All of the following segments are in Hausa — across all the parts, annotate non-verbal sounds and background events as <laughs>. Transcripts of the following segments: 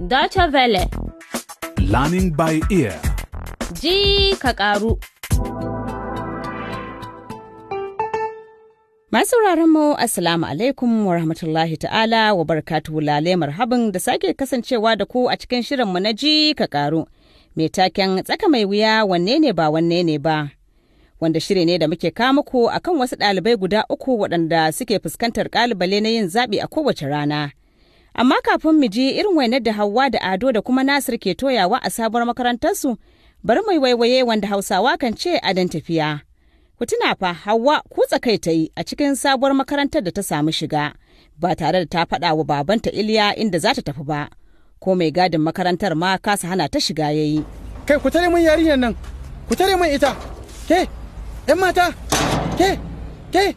Deutsche Welle. Learning by ear. Ji ka karu. Masu mu Assalamu alaikum wa rahmatullahi ta'ala wa barakatuhu lalai marhabin da sake kasancewa da ku a cikin shirinmu na ji ka karu Mai taken tsaka mai wuya wanne ne ba wanne ne ba. wanda shiri ne da muke kawo a akan wasu ɗalibai guda uku waɗanda suke fuskantar ƙalubale na yin zaɓi a kowace rana. Amma kafin mu ji irin wainar da Hauwa da Ado da kuma Nasir ke toyawa a sabuwar makarantarsu, bari mai waiwaye wanda Hausawa kan ce a dan tafiya. Ku tuna fa hawa kutsa kai ta yi a cikin sabuwar makarantar da ta samu shiga, ba tare da ta faɗa wa babanta Iliya inda za ta tafi ba. Ko mai gadin makarantar ma kasa hana ta shiga yayi. Kai ku tare mun yarinyar nan, ku tare mun ita, ke, ɗan mata, ke, ke.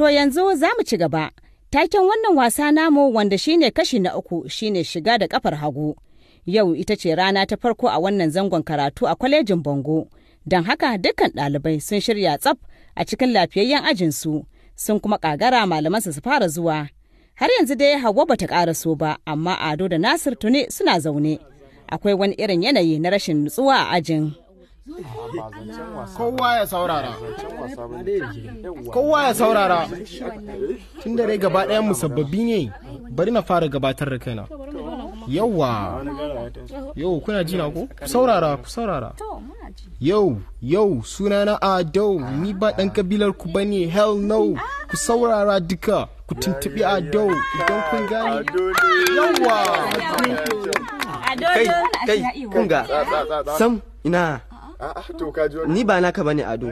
To yanzu za mu ci gaba. Taken wannan wasa namu wanda shine kashi na uku shine shiga da kafar hagu. Yau ita ce rana ta farko a wannan zangon karatu a kwalejin Bango. Don haka dukkan ɗalibai sun shirya tsaf a cikin lafiyayyen ajinsu sun kuma ƙagara malamansu su fara zuwa. Har yanzu dai Hauwa bata ƙaraso ba amma Ado da Nasir tuni suna zaune. Akwai wani irin yanayi na rashin nutsuwa a ajin. kowa ya saurara kowa ya saurara tun da rai gaba ɗayan musabbabi ne bari na fara gabatar da kaina yauwa yau kuna ji na ko ku saurara ku saurara yau yau sunana adau ni ba ɗan kabilar ku bane hell no ku saurara duka ku tuntuɓi adau idan kun gane yauwa kai kai kunga sam ina ni ba naka bane ado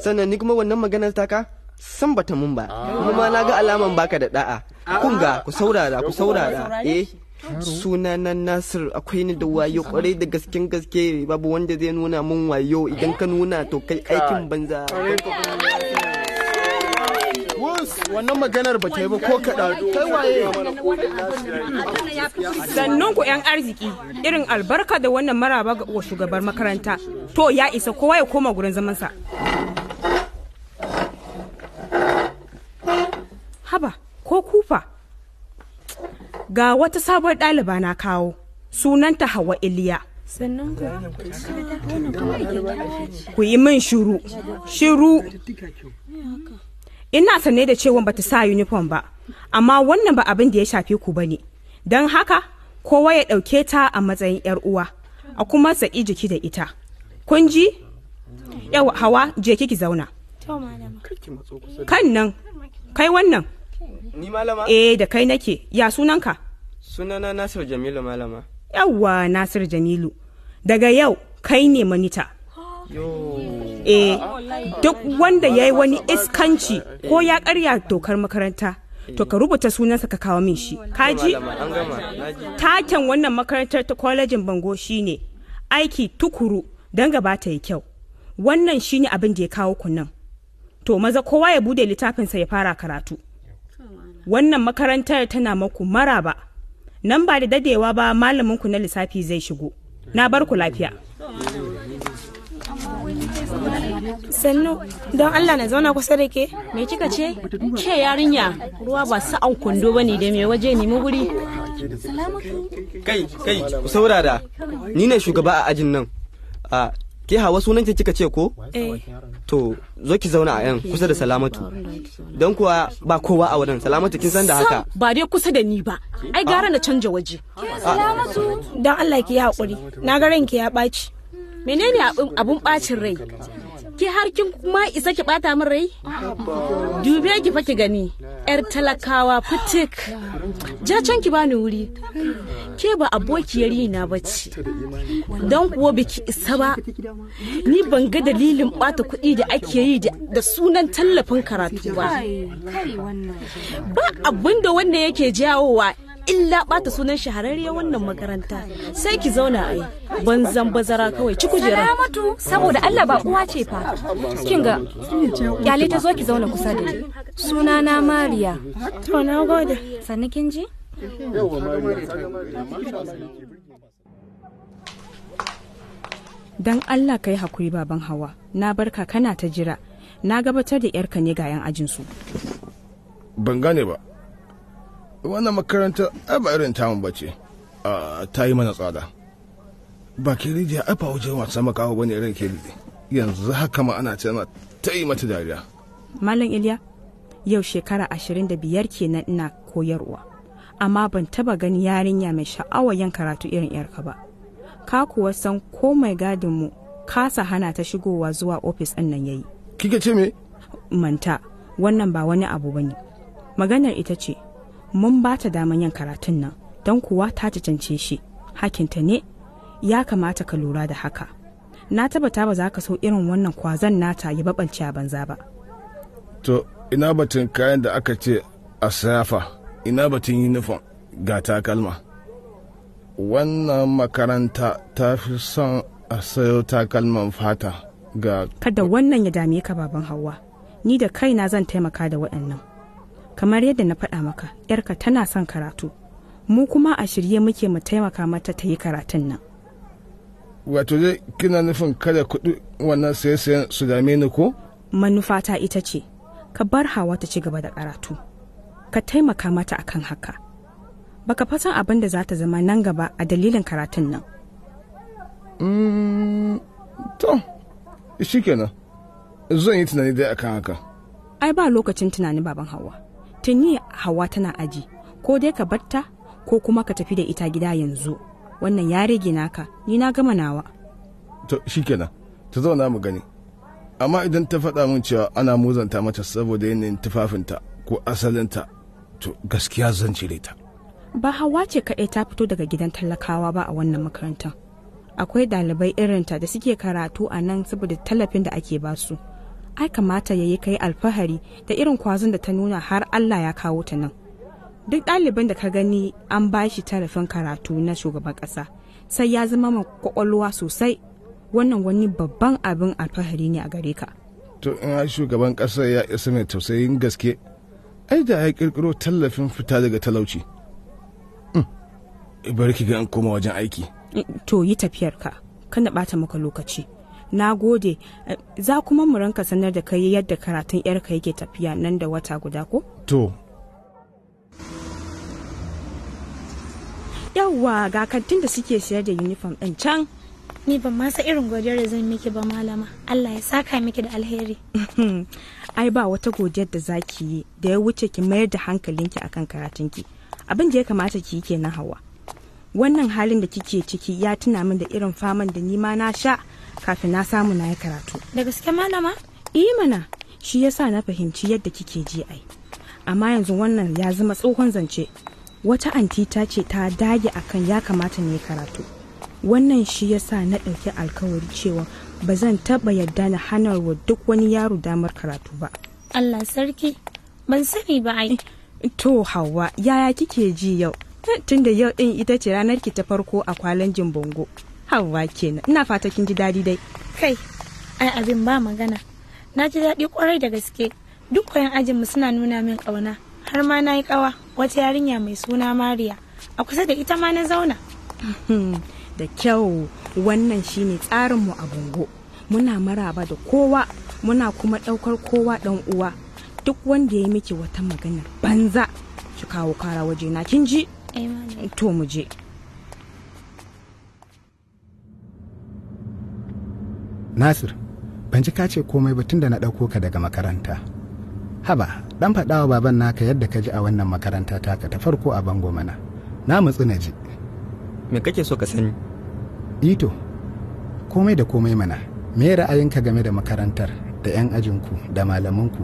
sannan ni kuma wannan maganar taka san bata mun ba ah. kuma na ga alaman baka da da'a ah. kun ku saurara ku saurara eh suna na nasir akwai ni da wayo kwarai da gasken gaske babu wanda zai nuna mun wayo idan ka nuna to kai aikin banza wannan maganar ba ta yi ba ko kaɗa kai waye sannan ku 'yan arziki irin albarka da wannan maraba ga shugabar makaranta to ya isa kowa ya koma gurin zamansa haba ko kufa ga wata sabuwar ɗaliba na kawo sunanta hawa iliya ku yi min shiru shiru ina sanne da cewa bata sa uniform ba amma wannan ba abin da ya shafe ku bane don haka kowa ya ɗauke ta a matsayin yar uwa a kuma saki jiki da ita kun ji yawa hawa je kiki zauna kan nan kai wannan ni malama eh da kai nake ya sunanka sunana nasir jamilu malama yawa nasir jamilu daga yau kai ne manita eh duk wanda ya yi wani iskanci ko ya karya dokar makaranta to ka rubuta sunansa ka kawo min shi kaji taken wannan makarantar ta kwalejin bango shine aiki tukuru don gabata ya kyau wannan shine abin da ya kawo kunnan to maza kowa ya bude littafinsa ya fara karatu wannan makarantar tana maku maraba nan ba da dadewa ba malaminku na lissafi zai shigo na barku lafiya sannu don allah na zauna kusa da ke me kika ce ke yarinya ruwa ba su sa'an kwando ba ne da me waje nemi wuri kai kai ku saurara ni ne shugaba a ajin nan a ke hawa sunan ki kika ce ko eh. to zo ki zauna a yan kusa da salamatu don kuwa ba kowa a wurin salamatu kin san da haka ba dai kusa da ni ba ai gara na canja waje don allah ki yi haƙuri na ga ranki ya ɓaci menene abun bacin rai ki har kin kuma isa ki bata min rai dube ki fa ki gani yar talakawa fitik ja can ki bani wuri ke ba abokiyar na bace don kuwa biki isa ba ni ban ga dalilin bata kuɗi da ake yi da sunan tallafin karatu ba ba abinda wanda yake jawowa illa bata sunan shahararriyar wannan makaranta sai ki zauna ai banzan bazara kawai ci kujera mutu saboda Allah ba uwa ce fa kin ga kyale ta zo ki zauna kusa da ni suna na Mariya to na gode sannan kin ji Dan Allah ka hakuri baban hawa, na barka kana ta jira, na gabatar da ‘yarka ne ga 'yan ajin su. Ban gane ba. wannan makaranta ai irin tamu ba ce ta yi mana tsada ba ke rijiya ai wajen wasan makawa bane irin ke yanzu haka ma ana cewa ta yi mata dariya malam iliya yau shekara ashirin da biyar kenan ina koyarwa amma ban taba gani yarinya mai sha'awar yan karatu irin yarka ba ka kuwa san ko mai gadin mu kasa hana ta shigowa zuwa ofis ɗin nan yayi kike ce me manta wannan ba wani abu bane maganar ita ce mun ba ta daman yin karatun nan don kuwa ta cancance shi hakinta ne ya kamata ka lura da haka na tabbata ba za ka so irin wannan kwazon nata ya babance a banza ba to ina batun kayan da aka ce a sayafa ina batun yunifon ga takalma wannan makaranta ta fi son a sayo takalman fata ga kada wannan ya dame ka baban hawa ni da kaina zan taimaka da waɗannan kamar yadda na faɗa maka yarka tana son karatu mu kuma a shirye muke mu taimaka mata ta yi karatun nan wato dai kina nufin kada kuɗi wannan saye-sayen su dame ni ko manufata ita ce ka bar hawa ta ci gaba da karatu ka taimaka mata akan haka baka fasan abin da za ta zama nan gaba a dalilin karatun nan mm, to shikenan zan yi tunani dai akan haka ai ba lokacin tunani baban hawa tuni hawa tana aji ko dai ka batta ko kuma ka tafi da ita gida yanzu wannan ya rage naka ni na gama nawa to shikenan ta zauna mu gani amma idan ta faɗa min cewa ana muzanta mata saboda yanayin tufafinta ko asalinta to gaskiya zan cire ta ba hawa ce kaɗai ta fito daga gidan talakawa ba a wannan makarantar akwai ɗalibai irinta da suke karatu a nan saboda tallafin da ake basu ai kamata ya yi kai alfahari da irin kwazon da ta nuna har Allah ya kawo ta nan. Duk ɗalibin da ka gani an ba shi tarafin karatu na shugaban ƙasa sai ya zama ma kwakwalwa sosai wannan wani babban abin alfahari ne a gare ka. To in shugaban ƙasa ya isa mai tausayin gaske ai da ya ƙirƙiro tallafin fita daga talauci. Hmm, bari ki ga an koma wajen aiki. To yi tafiyarka, kana ɓata maka lokaci. na gode eh, za kuma mu ranka sanar da kai yadda karatun yarka yake tafiya nan da wata guda ko to yawwa ga kantin da suke siyar da uniform ɗin can ni ban ma sa irin godiyar da zan miki ba malama Allah ya saka miki da alheri <laughs> ai ba wata godiyar da zaki yi da ya wuce ki mayar da hankalinki akan karatunki abin da ya kamata ki yi kenan hawa wannan halin da kike ciki ya tuna min da irin faman da ni ma na sha kafin na samu na yi karatu da gaske malama iya eh mana shi yasa na fahimci yadda kike ji ai amma yanzu wannan ya zama tsohon zance wata anti ta ce ta dage akan ya kamata ne karatu wannan shi yasa na ɗauki alkawari cewa ba zan taɓa yarda na hana wa duk wani yaro damar karatu ba allah sarki ban sani ba ai eh, to hawa yaya kike ji yau tunda yau ɗin ita ce ranar ki ta farko a kwalan bongo. hawa kenan ina fata kin ji daɗi dai kai ai abin ba magana na ji daɗi kwarai da gaske duk koyan mu suna nuna min ƙauna har ma na yi ƙawa wata yarinya mai suna mariya a kusa da ita ma na zauna mhm. da kyau wannan shine tsarin mu a bungo muna maraba da kowa muna kuma ɗaukar kowa ɗan uwa duk wanda ya yi miki wata magana banza ki kawo kara waje na kin ji to mu je nasir ban ji ka ce komai ba tunda na ɗauko ka daga makaranta haba dan faɗawa baban naka yadda ka ji a wannan makaranta taka ta farko a bango mana na matsu na ji me kake so ka sani ito komai da komai mana me ra'ayinka game da makarantar da 'yan ajinku da malamanku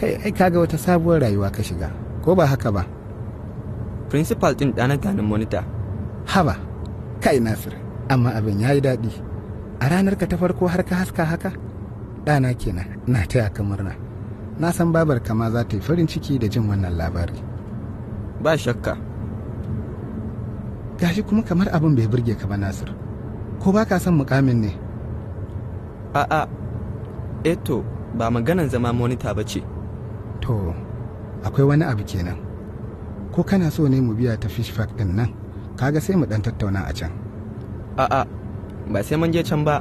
kai ai kaga wata sabuwar rayuwa ka shiga ko ba haka ba principal din ɗana ganin monita haba kai nasir amma abin ya yi daɗi a ranar ka ta farko har ka haska haka ɗana kenan na taya ka murna na san babar kama za ta yi farin ciki da jin wannan labari ba shakka gashi kuma kamar abin bai burge ka ba nasir ko ba ka son mukamin ne a'a eto eh ba maganan zama monita ba ce to akwai wani abu kenan ko kana so ne mu biya ta fish park din nan kaga sai mu ɗan tattauna a can a'a ba sai mun je can ba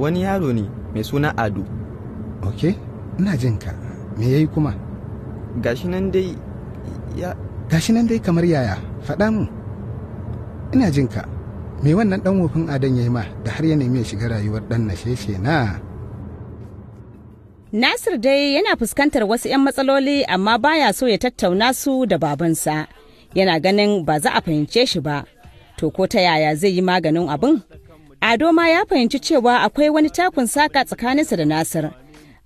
wani yaro ne mai suna ado ok ina jin ka me yayi kuma gashi nan dai ya gashi nan dai kamar yaya faɗa mu ina jin ka me wannan dan wofin adon yayi ma da har ya nemi ya shiga rayuwar dan sheshe na Nasir dai yana fuskantar wasu 'yan matsaloli amma baya so ya tattauna su da babansa yana ganin ba za a fahimce shi ba to ko ta yaya zai yi maganin abin Ado ma ya fahimci cewa akwai wani takun saka tsakaninsa da Nasir,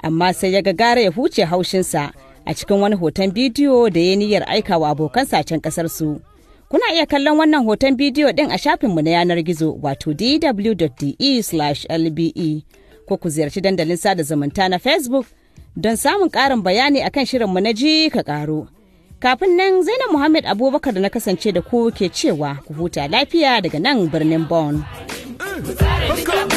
amma sai ya gagara ya huce haushinsa a cikin wani hoton bidiyo da ya niyyar aikawa abokansa can kasar su. Kuna iya kallon wannan hoton bidiyo din a shafinmu na yanar gizo wato dw.de/lbe e, ko ku ziyarci dandalin sada zumunta na Facebook don samun ƙarin bayani akan shirinmu na ji ka ƙaro. Kafin nan Zainab Muhammad Abubakar da na kasance da ku ke cewa ku huta lafiya daga nan birnin Bonn. Let's go.